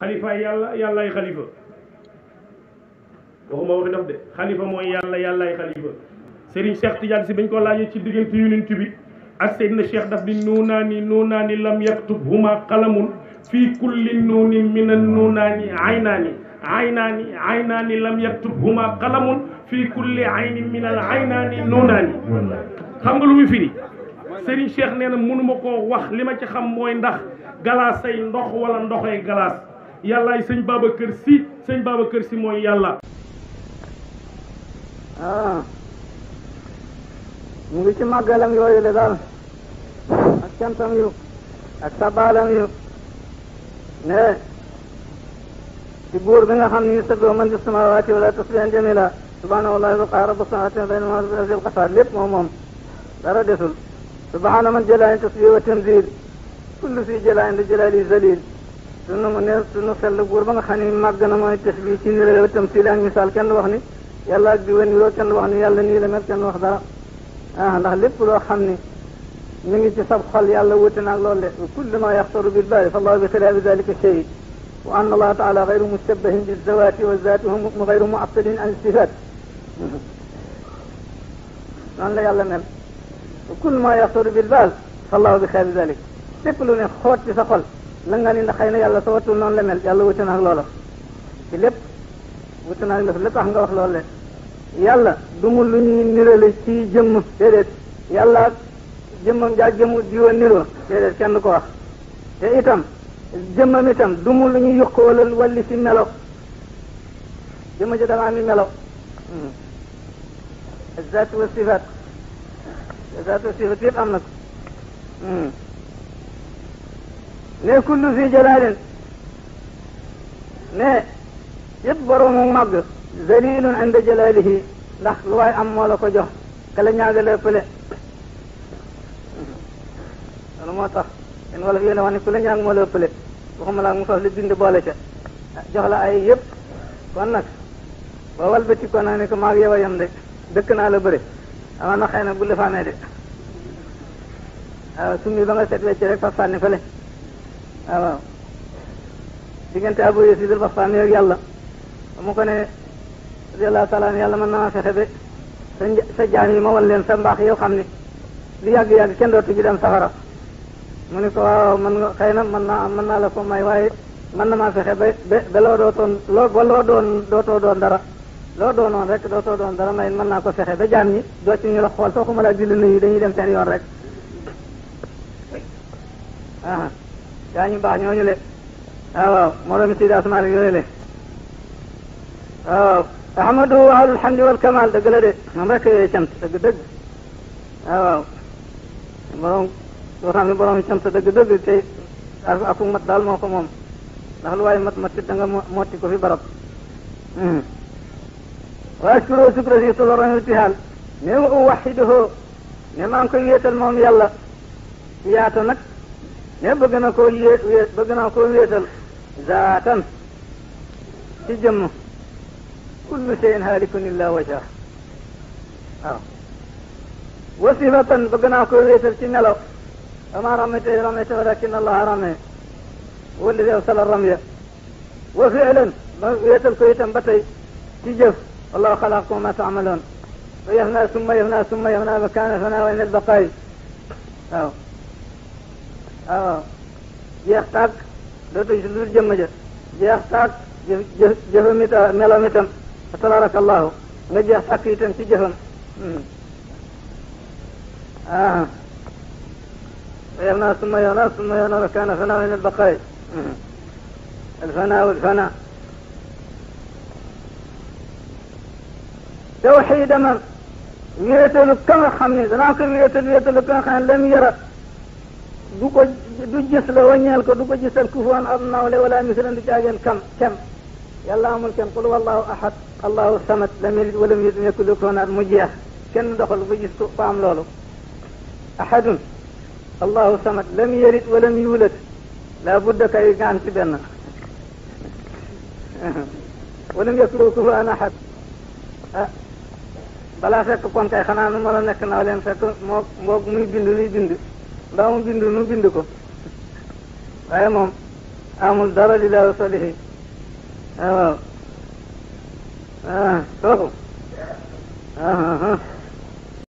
xalifa yàlla yàllaay xalifa waxuma waxi dof de xalifa mooy yàlla yàllaay xalifa Serigne Cheikh Tidiane si bañ ko laajee ci diggante yonent bi ak Seydina Cheikh daf ni nuunaani nuunaani lam yaktub huma qalamun fii kulli nuuni min an nuunaani aynaani aynaani aynaani lam yaktub huma qalamun fii kulli ayni min al aynaani nuunaani xam nga lu muy firi Serigne Cheikh nee na mënuma koo wax li ma ci xam mooy ndax galaasay ndox wala ndoxay galaas yàllaay sëñ Babacar Sy sëñ Babacar Sy mooy yàlla ah mu ngi ci màggalam yooyu le daal ak cantam yu ak sabaalam yu ne ci buur bi nga xam ni sëddoo man di samawaati wala tasbihan jamila subhaana wallahi waqa rabu samawati wa bayna mawasil qasa lépp moom moom dara desul subhaana man jëlaani tasbih wa tanzil kullu fi jëlaani li jëlaali zalil sunu mu ne sunu sell buur ba nga xam ni màgg na mooy tës bi ci nirale tam si ak misaal kenn wax ni yàlla ak diwa niroo kenn wax ni yàlla nii la mel kenn wax dara ah ndax lépp loo xam ni ñu ngi ci sab xol yàlla wuute naag loolu de kullu ma yaxtaru bil baari fa allahu bi xilaafi dalika shay wa anna allah taala gayru mustabahin bi zawaati wa zaati hum gayru muattalin an sifaat noonu la yàlla mel kullu ma yaxtaru bil baal fa allahu bi xilaafi dalik lépp lu ne xoot ci sa xol la nga ni ndax xëy na yàlla sa noonu la mel yàlla wuti na ak lépp wuti na ak def lépp nga wax loolu le yàlla du mu lu ñuy nirale ci jëmm déedéet yàlla jëmmam jaa jëmu diwa niroo déedéet kenn wax te itam jëmmam itam du lu ñuy yokk wala walli si melo jëmm ji dama melo hmm. zaat wa sifaat zaat wa sifaat yëpp am na ko hmm. ne kullu fi jalaalin ne yëpp boroomu màgg zalilun inda jalaalihi ndax lu waay am moo la ko jox kala ñaagalee pële loolu moo tax wala yéen a wax ne ku la ñaag moo la pële waxuma laa mu faf jox la ay yëpp kon nag ba walbati ko naa ne ko maag yow a dëkk naa la bëri amaa na xëy na bu lefaanee de waaw set wecc rek fa sànni waaw waaw diggante Abu Yasid al-Bastaami ak yàlla mu ko ne radiyallahu taala yàlla mën naa fexe ba sa sa jaam yi ma wan leen sa mbaax yoo xam ne lu yàgg-yàgg kenn dootu ñu dem safara mu ne ko waaw man nga xëy na man naa mën naa la ko may waaye mën na maa fexe ba ba ba loo dootoon loo ba loo doon dootoo doon dara loo doon doonoon rek dootoo doon dara may man naa ko fexe ba jaam ñi doo ci ñu la xool soo ko mën a di la nuyu dañuy dem seen yoon rek ah. yaa ñu baax ñooñu le waaw moo doon si daas maalik yooyu le waaw ahmadu ahlul hamdi wal kamal dëgg la de moom rek yooyu cant dëgg dëgg waaw borom شكر في صدر الامتحان نعم اوحده نعم انكم يتل يلا ياتو نبغنا نعم، كل بغنا كل يسل ذاتا تجمع كل شيء هالك الا وجهه آه. وصفة بغنا كل يسل كنا لو وما رميت رميت ولكن الله رمي والذي ارسل الرمية وفعلا يسل كويتا بتي تجف الله خلقكم ما تعملون ويهنا ثم يهنا ثم يهنا مكان ثنا وين البقاي آه. waaw jeex tàkk dootuñ si lu dul jëmm ja jeex tàkk jëf jëf jëfam itam melam itam fa tabarakallahu nga jeex tàkk itam ci jëfam آه. ويغنى ثم يغنى ثم يغنى وكان فناء من البقاء الفناء والفناء توحيد من مئة لكم خميس لكن مئة لكم لم يرى du ko du gis la waññeel ko du ko gisal ku foon am nawle wala misalan du caageen kam kem yàlla amul kenn qul wallahu ahad allahu samad lam yalid walam yulad nekku lu koonaat mu jeex kenn doxal ba gis ko fa am loolu ahadun allahu samad lam yalid walam yulad laa budda kay nga am ci benn walam yakku lu kufuwan ahad ah balaa fekk kon kay xanaa nu ma la nekk nawleem fekk moo moo muy bind luy bind daa mu bind nu bind ko waaye moom amul dara di daal salihin waaw waaw kooku